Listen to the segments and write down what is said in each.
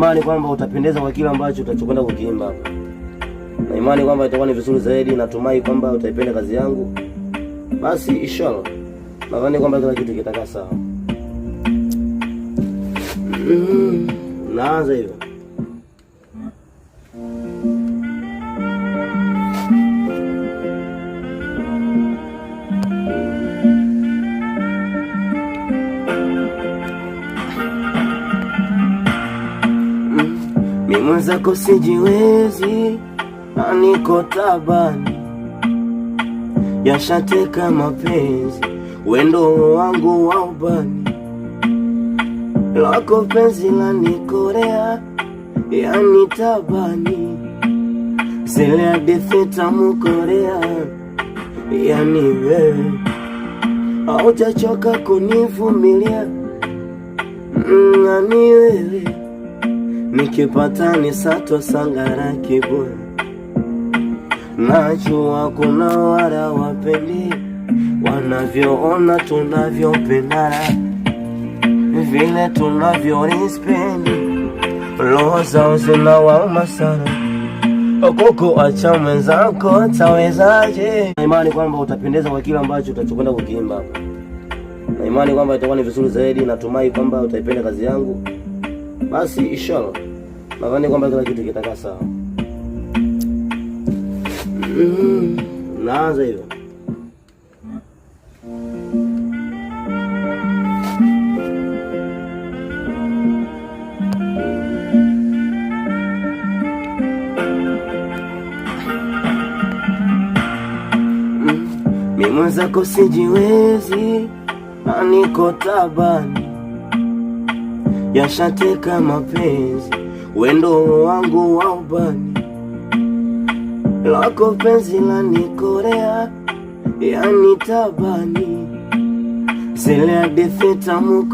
imani kwamba utapendeza kwa kile ambacho utachokwenda kukiimba, na imani kwamba itakuwa ni vizuri zaidi. Natumai kwamba utaipenda kazi yangu. Basi inshallah, nadhani kwamba kila kitu kitakaa sawa. Mm, naanza hivyo. mi mwenzako sijiwezi, aniko tabani, yashateka mapenzi, wendo wangu wa ubani, lako penzi lanikorea, yani tabani, zile hadithi tamukorea, yani wewe haujachoka kunivumilia, mm, yani wewe nikipata ni sato sangara kiburi, najua kuna wala wapendi wanavyoona tunavyopendana vile tunavyo respect, roho zao wauma sana Koko, acha mwenzako atawezaje? Na imani kwamba utapendeza kwa kile ambacho utachokwenda kukiimba, na imani kwamba itakuwa ni vizuri zaidi. Natumai kwamba utaipenda kazi yangu basi inshallah nadhani kwamba kila kitu kitakaa sawa. Mm-hmm. naanza hivyo mimi mm-hmm. mwenzako sijiwezi, aniko tabani yashateka mapenzi, wendo wangu wa ubani lako penzi la nikorea yani tabani zile hadithi tamu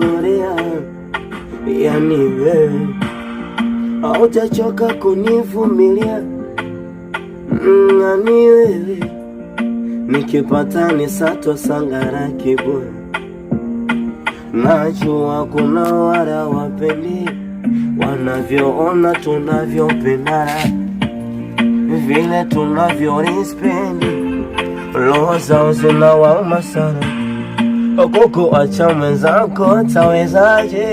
yani wewe haujachoka kunivumilia nani mm, wewe nikipata ni sato sangara kibwe Najua kuna wale wapendi wanavyoona tunavyopendana vile tunavyo respect, roho zao zinawauma sana. Koko acha mwenzako atawezaje?